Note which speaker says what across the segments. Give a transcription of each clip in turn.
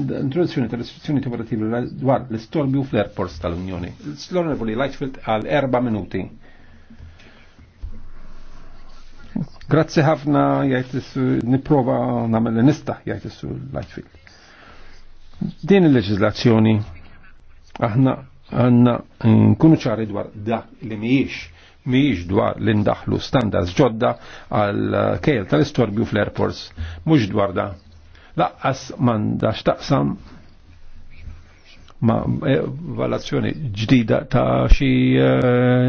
Speaker 1: introduzzjoni ta' restrizzjoni temporativi dwar l-istorbju fl-airports tal-Unjoni. l honorable Lightfield għal erba' minuti. Grazie ħafna jgħid niprova nagħmel nista' jgħid Lightfield. Din il-leġiżlazzjoni aħna għandna nkunu ċari dwar dak li mhijiex miġ dwar l-indaħlu standards ġodda għal kejl tal-istorbju fl-airports, mux dwar da' laqqas mandax taqsam ma e, valazzjoni ġdida ta' xi e,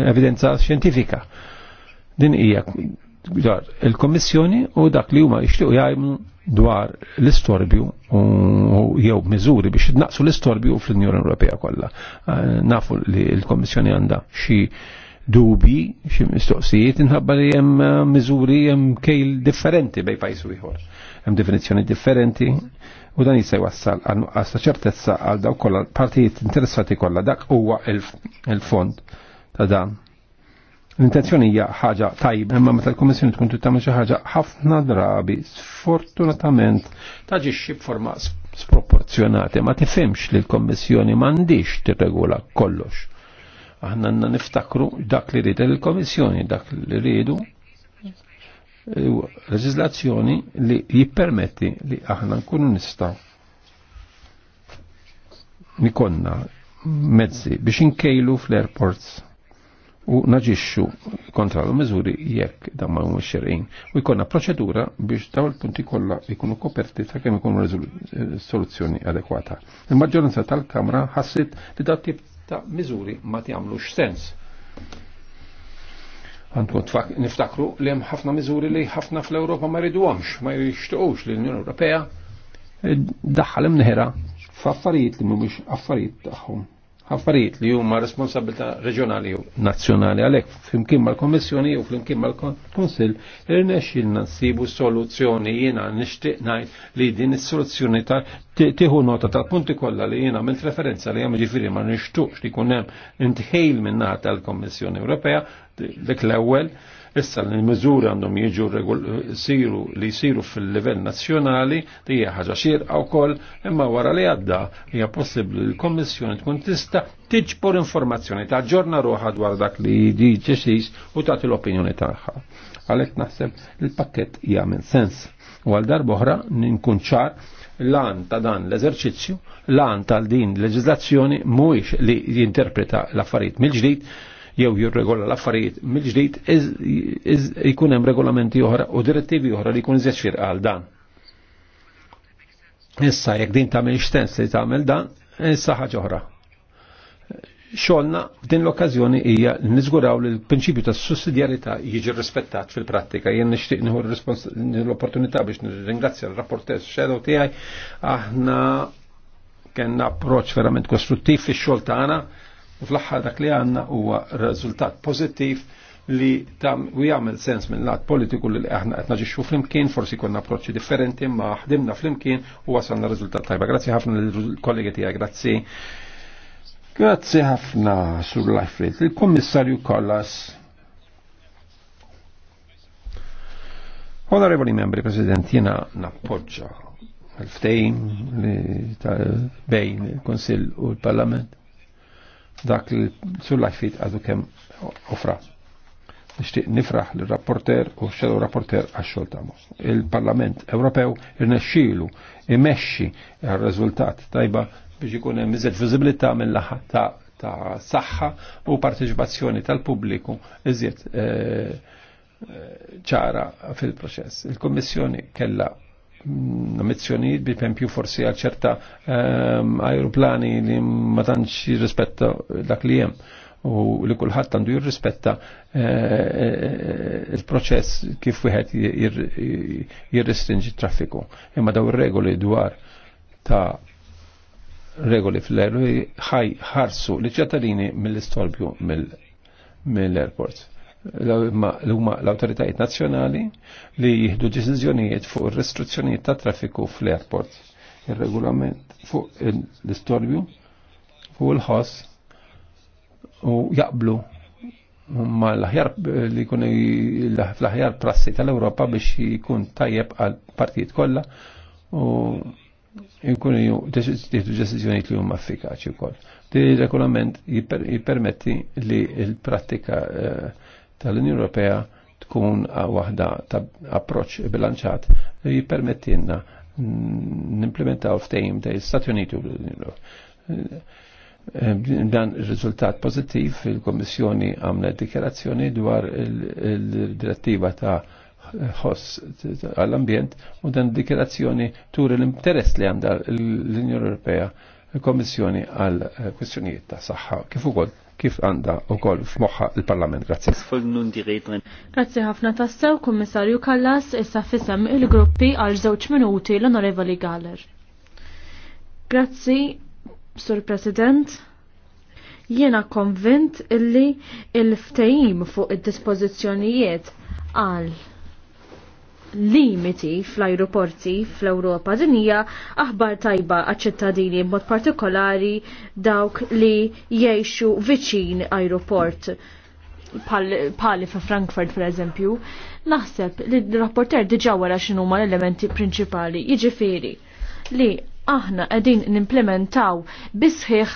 Speaker 1: evidenza xjentifika. Din hija dwar il-Kommissjoni u dak li huma jixtiequ jgħajmu dwar l-istorbju u jew miżuri biex naqsu l-istorbju fl-Unjoni Ewropea kollha. E, nafu li l-Kommissjoni għandha xi dubi, xi mistoqsijiet, inħabba li hemm eh, miżuri jem kejl differenti bej u ieħor. Hemm definizzjoni differenti u dan jisaj wassal għal ta' ċertezza għal daw kollha partijiet interessati kollha dak huwa il-fond ta' dan. L-intenzjoni hija ħaġa tajba, imma meta l-Kummissjoni tkun tagħmel xi ħaġa ħafna drabi sfortunatament taġixxi b'forma sproporzjonati, ma tifhimx li l kummissjoni m'għandix tirregula kollox. Aħna għanna niftakru dak li rridu il-Komissjoni, dak li rridu e, leġislazzjoni li jippermetti li aħna nkunu nistaw nikonna mezzi biex inkejlu fl-airports u naġixxu kontra l-miżuri jekk dan ma huma xerqin. U jkollna proċedura biex daw il-punti kollha jkunu koperti ta' kemm ikunu eh, soluzzjoni adekwata. Il-maġġoranza tal-Kamra ħassit li dat tip ta' miżuri ma jagħmlux sens. Għandu niftakru li hemm ħafna miżuri li ħafna fl-Ewropa ma jriduhomx, ma jixtiequx li l-Unjoni Ewropea eh, daħħal imneħra f'affarijiet li mhumiex affarijiet tagħhom affarijiet li huma responsabilità reġjonali u nazzjonali għalhekk flimkien mal-Kommissjoni u flimkien mal-Konsill irnexxilna nsibu soluzzjoni jiena nixtieq ngħid li din is-soluzzjoni ta' tieħu nota tal-punti kollha li jiena mill referenza li hemm jiġifieri ma nixtuqx li jkun hemm intħejl minnaħa tal-Kommissjoni Ewropea dik l-ewwel Issa l-miżuri għandhom jiġu siru li jsiru fil-livell nazzjonali li hija ħaġa xierqa wkoll imma wara li għadda hija possibbli li l-Kommissjoni tkun tista' tiġbor informazzjoni ta' ġorna ruħa dwar dak li di jiġi u tagħti l-opinjoni tagħha. Għalhekk naħseb il-pakkett jagħmel sens. U għal darba oħra ninkun ċar l-għan ta' dan l-eżerċizzju, l-għan tal din l-leġizlazzjoni mhuwiex li jinterpreta l-affarijiet mill-ġdid, jew jirregola l-affarijiet mill-ġdid jkun hemm regolamenti oħra u direttivi oħra li jkun iżeċċir għal dan. Issa jekk din tagħmel xtens li tagħmel dan, issa ħaġa oħra. Xogħolna f'din l-okkażjoni hija niżguraw li l-prinċipju tas sussidjarità jiġi rispettat fil-prattika. Jien nixtieq nieħu l-opportunità biex nirringrazzja l-rapportess shadow tiegħi aħna kellna approċċ verament kostruttiv fix-xogħol tagħna U fl-aħħar dak li għanna huwa rezultat pozittiv li tam u jagħmel sens minn lat politiku li aħna qed naġixxu flimkien, forsi konna approċċi differenti, ma ħdimna flimkien u wasalna riżultat tajba. Grazzi ħafna lill-kollegi tiegħek, grazzi. Grazzi ħafna sur Lajfrit. Il-Kommissarju Kollas. Onorevoli membri, President, jena nappoġġa l-ftejn bejn il-Konsil u l-Parlament dak li sulla fit għadu kem ofra. Nishtiq nifraħ l-rapporter u x-xedu rapporter u xedu rapporter għax tamu. Il-Parlament Ewropew irnexxielu imexxi r rezultat tajba biex ikun hemm iżed viżibilità mill-laħa ta' ta' saħħa u parteċipazzjoni tal-pubbliku iżjed eh, eh, ċara fil-proċess. Il-Kommissjoni kella mizzjonijiet bi pempju forsi għal ċerta ehm, aeroplani li ma tantx jirrispetta dak li hemm u li kulħadd għandu jirrispetta eh, eh, il-proċess kif wieħed jirrestrinġi traffiku. Imma daw ir-regoli dwar ta' regoli fl-erwi ħaj ħarsu li ċittadini mill istolbju mill-airport l-huma l-autoritajiet nazjonali li jihdu deċiżjonijiet fuq ir-restrizzjonijiet ta' traffiku fl-airport. il regolament fuq il-disturbju fuq il-ħoss u jaqblu ma l ħjar li jkunu l ħjar prassi tal europa biex jkun tajjeb għal partijiet kollha u jkunu deċiżjonijiet li huma effikaċi wkoll. Di regolament jippermetti li l-prattika uh, tal-Unjoni Ewropea tkun waħda ta' approċ bilanċat li jippermettilna nimplementaw ftehim ta' Stati Uniti u l-Unjoni Ewropea eh, dan riżultat pożittiv pozittiv il-Kommissjoni għamlet dikjerazzjoni dwar il-direttiva ta' ħoss għall-ambjent u dan dikjarazzjoni turi l-interess li għandha l-Unjoni Ewropea il-Kommissjoni għal kwistjonijiet ta' saħħa kif ukoll kif għanda u koll f'moħħa il-Parlament. Grazie.
Speaker 2: Grazie ħafna tassew, Kummissarju Kallas, issa fissem il-gruppi għal żewġ minuti l-Onorevoli Galler. Grazzi, Sur President. Jiena konvint illi il ftajim fuq id-dispożizzjonijiet għal limiti fl-aeroporti fl-Europa dinija aħbar tajba għal-ċittadini mod partikolari dawk li jiexu viċin aeroport pali fa' Frankfurt per eżempju. Naħseb li l-rapporter diġawara xinu ma l-elementi prinċipali jiġifieri li aħna qegħdin nimplementaw bisħiħ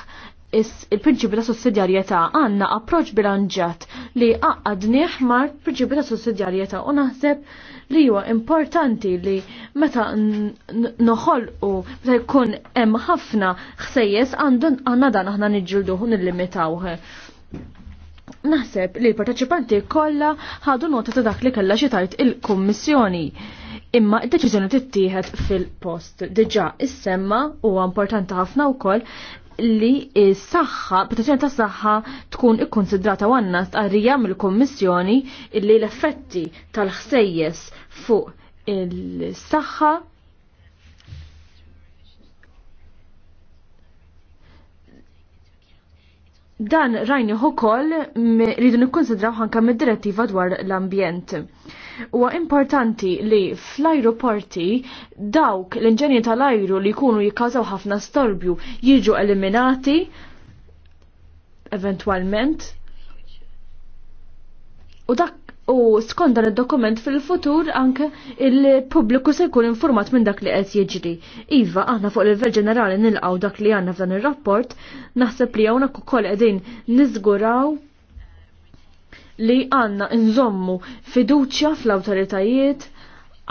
Speaker 2: il-prinċipju ta' sussidjarjetà għandna approċ bilanġat li għadniħ mar prinċipju ta' sussidjarieta u naħseb li huwa importanti li meta noħolqu meta jkun hemm ħafna ħsejjes għandna dan aħna niġġilduhu nillimitawh. Naħseb li l-parteċipanti kollha ħadu nota ta' dak li kellha xi tajt il-Kummissjoni. Imma d-deċiżjoni tittieħed fil-post. Diġà is-semma huwa importanti ħafna wkoll li s-saħħa, protezzjoni ta' saħħa tkun ikkonsidrata għanna għarrija mill-Kommissjoni li l-effetti tal-ħsejjes fuq il-saħħa Dan rajni ukoll rridu nikkonsidraw ħanka mid-direttiva dwar l-ambjent. Huwa importanti li fl-ajruporti dawk l-inġenji tal-ajru li jkunu jikkażaw ħafna storbju jiġu eliminati eventwalment u dak U skont dan id-dokument fil-futur anke il-pubbliku se jkun informat minn dak li qed jiġri. Iva, aħna fuq il livell ġenerali nilqgħu dak li għandna f'dan ir-rapport, naħseb li hawnhekk ukoll qegħdin niżguraw li għandna nżommu fiduċja fl-awtoritajiet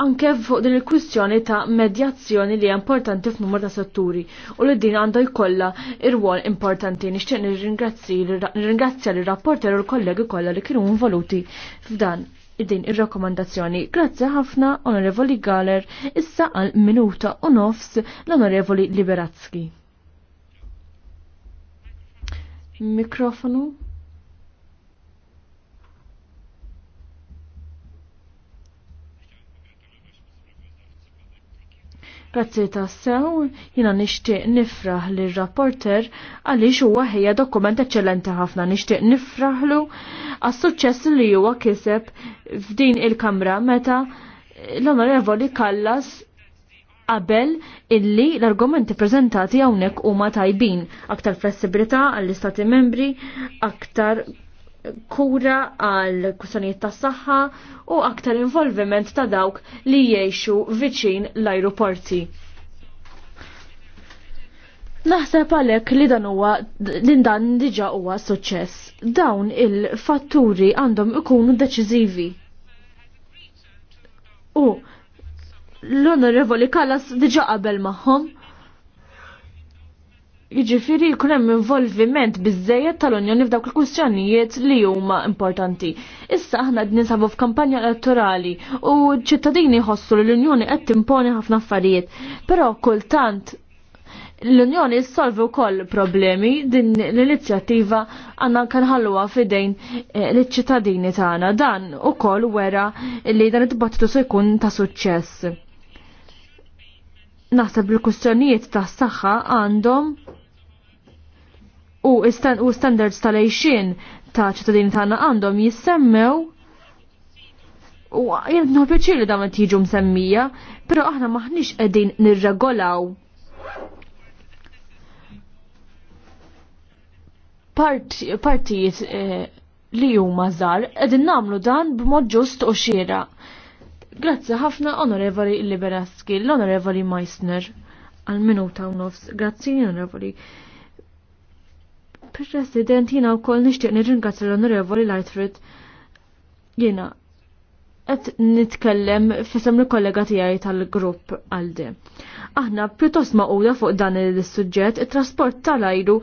Speaker 2: anke fuq din il-kwistjoni ta' medjazzjoni li importanti f'numru ta' setturi u li din għandu jkollha ir-rwol importanti. Nixtieq nirringrazzja lir-rapporter u l-kollegi kollha li kienu involuti f'dan din ir-rakkomandazzjoni. Grazzi ħafna Onorevoli Galer, issa għal minuta u nofs l-Onorevoli Liberazzki. Mikrofonu. Grazzi ta' sew, jina nishtiq nifraħ li rapporter għalix huwa ħija dokument eċċellenti ħafna nishtiq nifraħlu għas suċċess li huwa kiseb f'din il-kamra meta l-onorevoli Kallas qabel illi l-argumenti prezentati hawnhekk huma tajbin, aktar flessibilità għall-istati membri, aktar kura għal kustonijiet tas saħħa u aktar involviment ta' dawk li jiexu viċin l-aeroporti. Naħseb għalek li dan huwa din dan diġa huwa suċċess. Dawn il-fatturi għandhom ikunu deċiżivi. U l-onorevoli Kallas diġa qabel magħhom Jiġifieri jkun hemm involviment biżejjed tal-Unjoni f'dawk il-kwistjonijiet li huma importanti. Issa aħna qed ninsabu f'kampanja elettorali u ċ-ċittadini jħossu li l-Unjoni qed timponi ħafna affarijiet, però kultant l-Unjoni solvi wkoll problemi din l-inizjattiva għandna kanħalluha f'idejn eh, l-ċittadini tagħna. Dan ukoll wera li dan it battitu se jkun ta' suċċess. Naħseb il-kustjonijiet tas saħħa għandhom u, u standards tal-ejxin ta' ta' tagħna għandhom jissemmew u jendnu pjaċir li dawn qed jiġu msemmija, però aħna maħniex qegħdin nirregolaw partijiet eh, li huma żgħar qegħdin nagħmlu dan b'mod ġust u xira. Grazzi ħafna Onorevoli Liberaski, l-Onorevoli Meissner għal minuta u nofs. Grazzi Onorevoli. President, jina u koll nishtiq nirringazz l-Onorevoli Lightfoot. Jina, għet nitkellem fissam li kollega tijaj tal-grupp għaldi. Aħna pjuttost uda fuq dan il-sujġet, il-trasport tal-ajru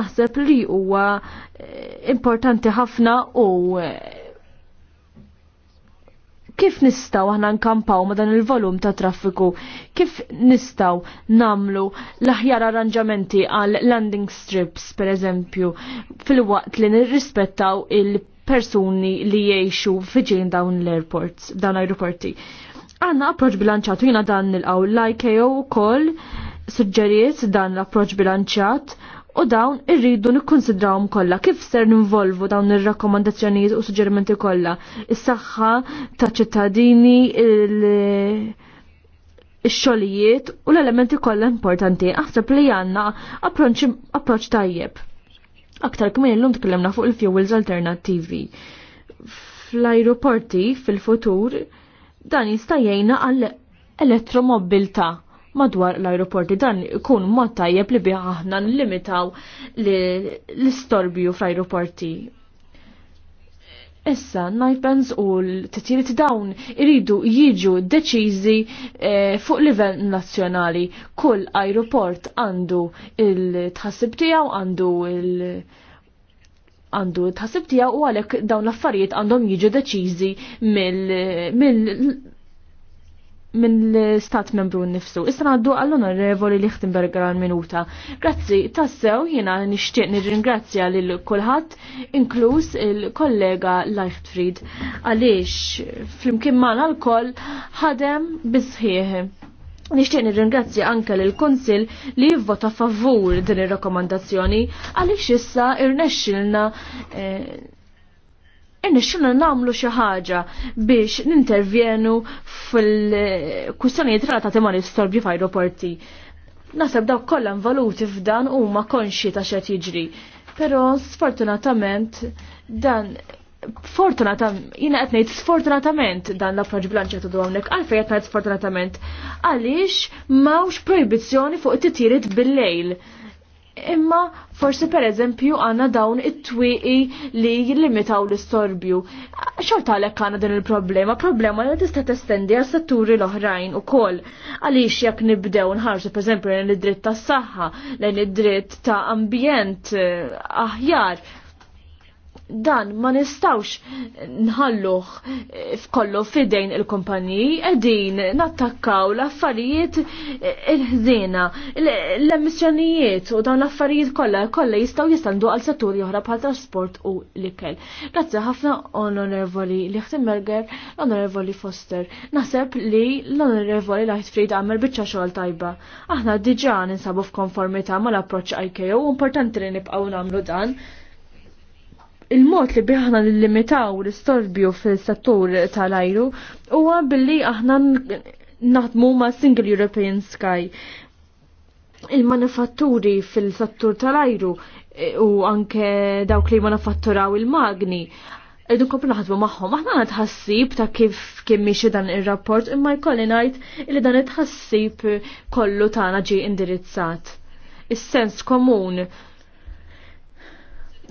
Speaker 2: naħseb li huwa eh, importanti ħafna u eh, Kif nistaw aħna nkampaw ma dan il-volum ta' traffiku? Kif nistaw namlu l-aħjar arranġamenti għal landing strips, per eżempju, fil-waqt li nirrispettaw il-persuni li jiexu fiġin dawn l-airports, dawn aeroporti. Għanna approċ bilanċatu jina dan il-għaw l-IKO u suġġeriet dan l-approċ bilanċat u dawn irridu nikkonsidrawhom kollha kif ser ninvolvu dawn ir-rakkomandazzjonijiet u suġġerimenti kollha is-saħħa taċ ċittadini ix-xogħlijiet u l-elementi kollha importanti aħseb li għandna approċċ tajjeb. Aktar kmin illum tkellimna fuq il-fuels alternattivi. Fl-ajruporti fil-futur dan jista' jgħinna għall elettromobilta' madwar l-aeroporti dan ikun mod tajjeb li bih aħna nlimitaw l-istorbju fl-aeroporti. Issa, najpens u l-titjiriet dawn iridu jiġu deċiżi eh, fuq livell nazzjonali. Kull aeroport għandu il-tħassib tiegħu, għandu il- għandu tħassib tiegħu u għalhekk dawn l-affarijiet għandhom jiġu deċiżi mill mill-stat membru nifsu. Issa għaddu għall-onorevoli Lichtenberger għal-minuta. Grazzi, tassew jina nishtiq nirringrazzja lil kulħadd inkluż il-kollega Leichtfried, għaliex flimkien mal l-koll ħadem bisħieħ. Nishtiq nirringrazzja anke lil konsil li jivvota favur din ir-rakkomandazzjoni għaliex issa irnexxilna eh, Nixxina namlu xi ħaġa biex nintervjenu fil-kustanijiet relatati ma' l-istorbju f'ajruporti. Nasab dawk kollha involuti f'dan huma konxi ta' xa jiġri. Però sfortunatament dan fortunatament, jina qed ngħid sfortunatament dan l-approċ bilanċet u hawnhekk għalfejn qed sfortunatament għaliex mawx proibizzjoni fuq it tirit bil-lejl Imma forsi per eżempju għanna dawn it-twiqi li jillimitaw l-istorbju. Xort għalek għanna din il-problema, problema li tista' testendi għas setturi l-oħrajn u kol. Għalix jekk nibdew nħarsu per eżempju lejn id-dritt tas saħħa lejn id-dritt ta' ambjent eh, aħjar, dan ma nistawx nħalluh f'kollu fidejn il-kumpaniji qegħdin nattakkaw l-affarijiet il-ħżiena, l-emissjonijiet u dawn l-affarijiet kollha kollha jistgħu jistandu għal setturi oħra bħal trasport u l-ikel. Grazzi ħafna onorevoli l onorevoli Foster. Naseb li l-onorevoli Lightfried għamel biċċa xogħol tajba. Aħna diġà ninsabu f'konformità mal-approċċ IKO u importanti li nibqgħu nagħmlu dan il-mod li biħna nillimitaw l-istorbju fil-settur tal-ajru huwa billi aħna naħdmu ma' Single European Sky. Il-manifatturi fil-settur tal-ajru e, u anke dawk li manifatturaw il-magni Edu kopri naħdmu maħħom, aħna għana tħassib ta' kif kien dan il-rapport, imma jkolli najt li dan it-tħassib kollu tagħna naġi indirizzat. Is-sens komun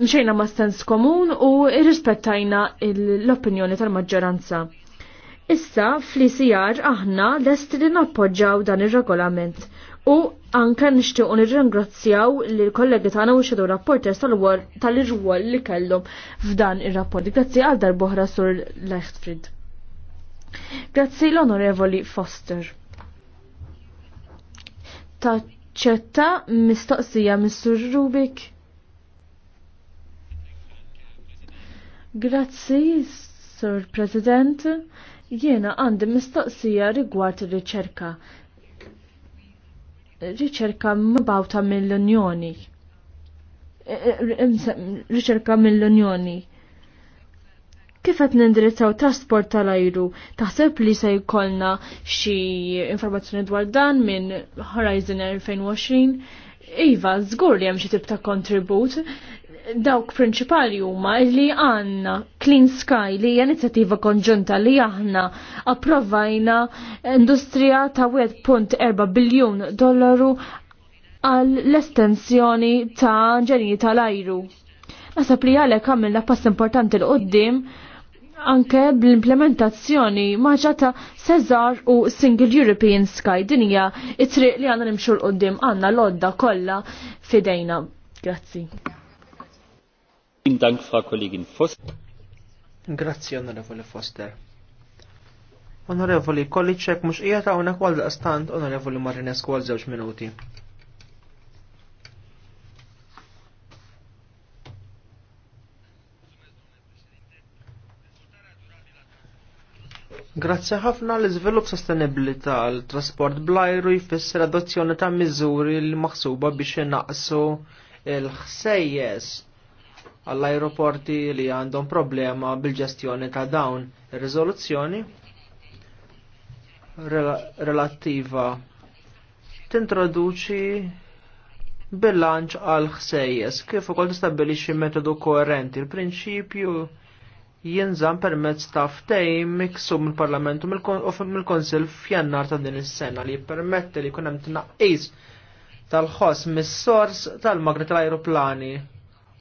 Speaker 2: mxejna ma' sens komun u irrispettajna l-opinjoni tal-maġġoranza. Issa fl-ICR aħna lest li nappoġġaw dan ir-regolament u anke nixtiequ nirringrazzjaw l kollegi tagħna u xedu rapporters tal-irwol li kellhom f'dan ir-rapport. Grazzi għal darbohra sur Leichtfried. Grazzi l-Onorevoli Foster. Taċċetta mistoqsija Mr. Rubik Grazzi, Sur President. Jiena għandi mistoqsija rigward ir-riċerka. Riċerka mbawta mill-Unjoni. Eh, eh, eh, riċerka mill-Unjoni. Kif qed nindirizzaw trasport tal-ajru? Taħseb li se jkollna xi informazzjoni dwar dan minn Horizon 2020? Iva, żgur li hemm xi tip ta' kontribut, dawk prinċipali huma li għanna Clean Sky li hija inizjattiva konġunta li aħna approvajna industrija ta' 1.4 biljun dollaru għal l-estensjoni ta' ġenji tal-ajru. Nasab li għalek għamilna pass importanti l-qoddim anke bl-implementazzjoni maġa ta' Cesar u Single European Sky dinja it-triq li għanna nimxur qoddim għanna l-odda kolla fidejna. Grazzi.
Speaker 3: Dank, Frau Kollegin Foster. Grazzi, Onorevoli Foster. Onorevoli, kolli mux ijata ta' unek għal stand, Onorevoli Marinesku għal zewġ minuti. Grazzi ħafna l iżvilupp sostenibli tal-trasport blajru jfisser adozzjoni ta' miżuri l-maħsuba biex inaqsu l ħsejjes għall-aeroporti li għandhom problema bil-ġestjoni ta' dawn ir-riżoluzzjoni relattiva tintroduċi bilanċ għal ħsejjes kif ukoll tistabbilixxi metodu koerenti l-prinċipju jinżam permezz ta' ftehim miksu mill parlamentu mill-Konsil f'Jannar ta' din is-sena li jippermetti li jkun hemm tnaqqis tal-ħoss mis-sors tal-magni tal-ajruplani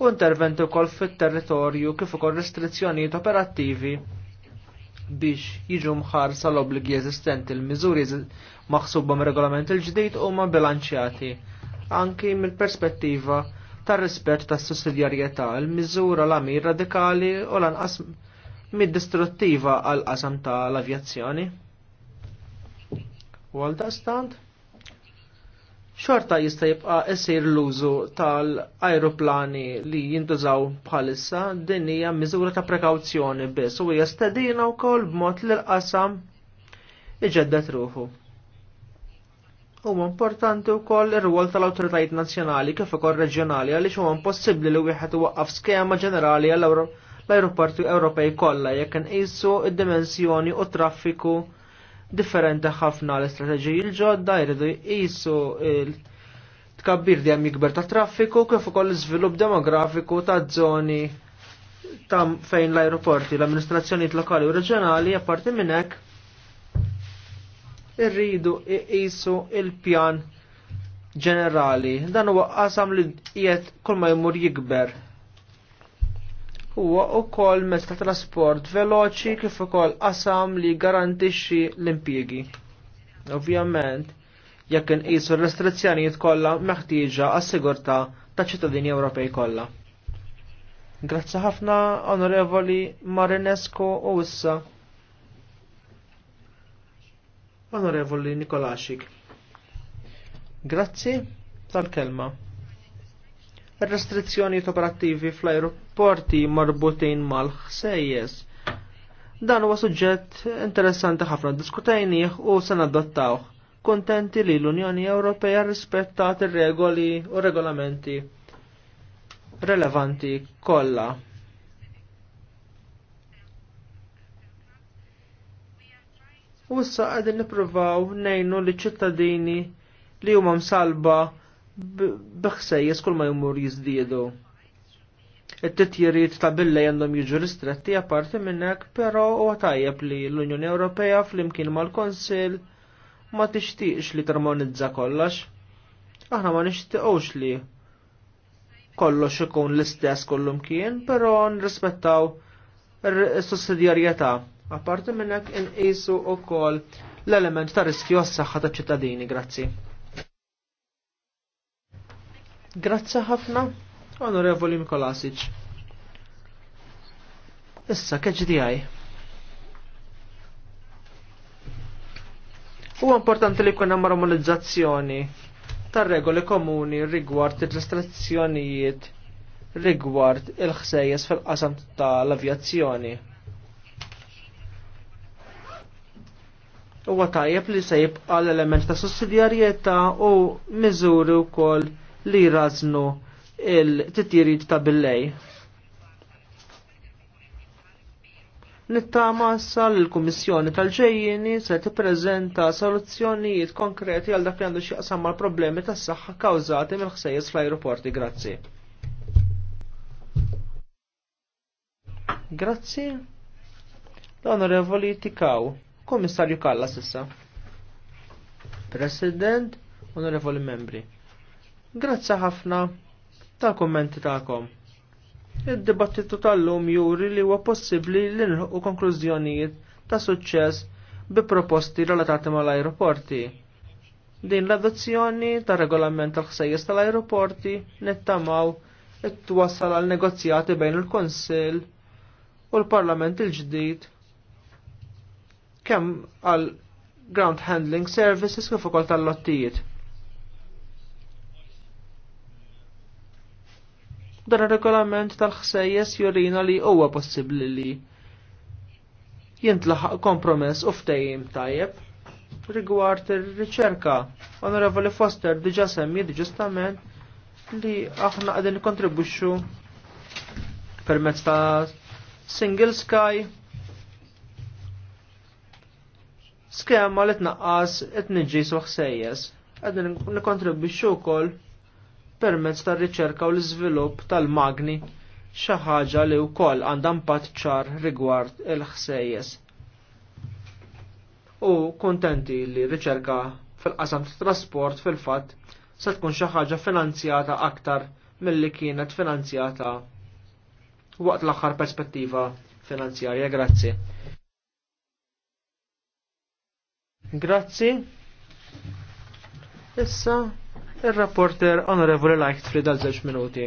Speaker 3: u interventi wkoll fit-territorju kif ukoll restrizzjonijiet operattivi biex jiġu mħarsa l-obligi eżistenti l-miżuri maħsuba mir regolament il-ġdid huma bilanċjati anki mill-perspettiva tar-rispett tas-sussidjarjetà l miżura l-amir radikali u lanqas mid-distruttiva għal qasam tal-avjazzjoni. U għal dastant? xorta jista' jibqa' esir l-użu tal-ajruplani li jintużaw bħalissa din hija miżura ta' prekawzjoni biss u hija stedina wkoll b'mod li l-qasam iġeddet ruħu. U importanti wkoll ir-rwol tal-awtoritajiet nazzjonali kif ukoll reġjonali għaliex huwa impossibbli li wieħed waqaf skema ġenerali għall l-ajruporti Ewropej kollha jekk inqisu id-dimensjoni u traffiku differenti ħafna l-istrateġiji l-ġodda jridu jqisu tkabbir għam jikber ta' traffiku kif ukoll l iżvilupp demografiku ta' żoni ta' fejn l-aeroporti, l amministrazzjoni lokali u reġjonali apparti minn hekk irridu jisu il-pjan ġenerali. Dan huwa qasam li qiegħed kull ma jmur jikber huwa wkoll mezz ta' trasport veloċi kif ukoll qasam li garantixxi l-impjiegi. Ovvjament, jekk inqisu r-restrizzjonijiet kollha meħtieġa għas-sigurtà taċ ċittadini Ewropej kollha. Grazzi ħafna Onorevoli Marinesco u issa Onorevoli Nikolaxik. Grazzi tal-kelma restrizzjoni operattivi fl-aeroporti marbutin mal-ħsejjes. Dan huwa suġġett interessanti ħafna diskutejnieh u se nadottawh Kontenti li l-Unjoni Ewropea rispettat ir-regoli u regolamenti relevanti kollha. U issa qegħdin nippruvaw ngħinu liċ ċittadini li huma msalba b'ħsejjes jeskul ma jmur jizdiedu. It-titjiriet ta' billa għandhom jiġu ristretti apparti minnek, pero u għatajjeb li l-Unjoni Ewropea fl-imkien mal-Konsil ma tixtiqx li termonizza kollox. Aħna ma nixtiqux li kollox ikun l-istess kollum kien, pero nrispettaw s-sussidjarjetà. Apparti minnek inqisu u koll l-element ta' riskju għas-saħħa ta' ċittadini, grazzi. Grazzi ħafna, Onorevoli Mikolasic. Issa, KGDI. Huwa importanti li jkun hemm armonizzazzjoni tar regoli komuni rigward il restrazzjonijiet rigward il-ħsejjes fil-qasam tal-avjazzjoni. Huwa tajjeb li se jibqa l-element ta' sussidjarjetà u miżuri wkoll li raznu il-tittirid ta' billej. Nittama sal il-Kummissjoni tal-ġejjini se tippreżenta soluzzjonijiet konkreti għal dak li għandu xieqsam mal problemi tas saħħa kawżati mill-ħsejjes fl-ajruporti. Grazzi. Grazzi. L-Onorevoli Tikaw, Kommissarju Kallas s'issa. President, Onorevoli Membri. Grazzi ħafna tal kommenti tagħkom. Id-dibattitu tal-lum juri li huwa possibbli li nħuqu konklużjonijiet ta' suċċess bi proposti relatati mal-ajruporti. Din l-adozzjoni ta' regolament tal-ħsejjes tal-ajruporti nittamaw it-twassal għal negozjati bejn il-Konsil u l-Parlament il-ġdid kemm għal Ground Handling Services kif ukoll tal-lottijiet. Dan ir-regolament tal-ħsejjes jurina li huwa possibbli li jintlaħaq kompromess u ftehim tajjeb rigward ir-riċerka. Onorevoli Foster diġa semmi ġustament li aħna qegħdin nikkontribwixxu permezz ta' Single Sky skema li tnaqqas qed niġġis u ħsejjes. Qegħdin nikkontribwixxu wkoll permezz tar-riċerka u l-iżvilupp tal-magni xi ħaġa li wkoll għandha impatt ċar rigward il-ħsejjes. U kuntenti li riċerka fil-qasam trasport fil-fatt se tkun xi ħaġa finanzjata aktar milli kienet finanzjata waqt l-aħħar perspettiva finanzjarja. Grazzi. Grazzi. Issa Il-rapporter Onorevoli Leichtfried għal żewġ minuti.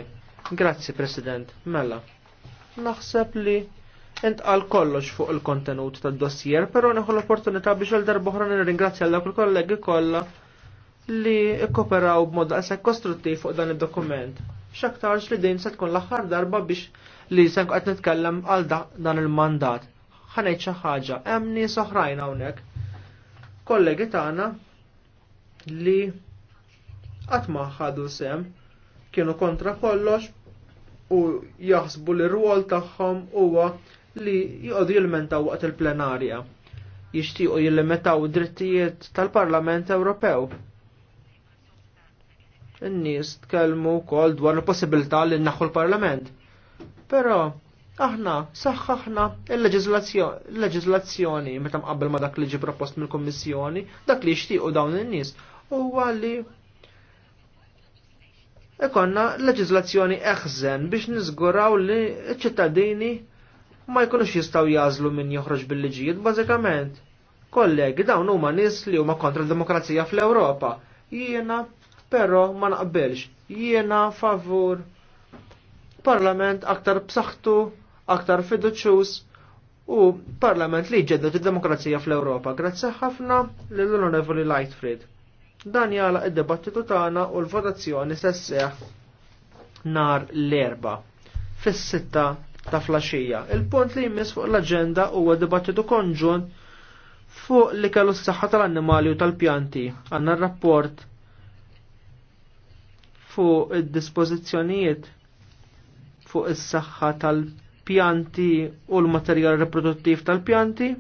Speaker 3: Grazzi, President. Mela. Naħseb li intqal kollox fuq il-kontenut tad-dossier, però neħu l-opportunità biex għal darba oħra nirringrazzja dawk il-kollegi kollha li ikkoperaw b'mod daqshekk kostruttiv fuq dan id-dokument. X'aktarx li din se tkun l-aħħar darba biex li se qed nitkellem għal dan il-mandat. Ħanejt xi ħaġa, hemm nies oħrajn hawnhekk. Kollegi tagħna li qatt ma ħadu sem, kienu kontra kollox u jaħsbu li rwol tagħhom huwa li jgħodu jilmentaw waqt il-plenarja. Jixtiequ jilmentaw drittijiet tal-Parlament Ewropew. In-nies tkellmu wkoll dwar il-possibilità li naħħu l-Parlament. Però aħna saħħaħna il-leġiżlazzjoni meta qabbel ma dak li ġi propost mill-Kummissjoni, dak li jixtiequ dawn in-nies huwa li ikonna leġizlazzjoni eħzen biex nizguraw li ċittadini ma jkunux jistaw jazlu minn joħroġ bil-liġijiet bażikament. Kollegi, dawn huma nies li huma kontra l-demokrazija fl-Ewropa. Jiena però ma naqbilx. Jiena favur parlament aktar b'saħħtu, aktar fiduċjuż u parlament li jġeddet id-demokrazija fl-Ewropa. Grazzi ħafna l onorevoli Lightfried. Dan jala id-debattitu tagħna u l-votazzjoni se nar l-erba fis-sitta ta' flasġija. Il-punt li jmiss fuq l-aġenda huwa dibattitu konġun fuq li kellu s-saħħa tal-annimali u tal-pjanti. Għanna rapport fuq id-dispożizzjonijiet fuq is-saħħa tal-pjanti u l-materjal riproduttiv tal-pjanti.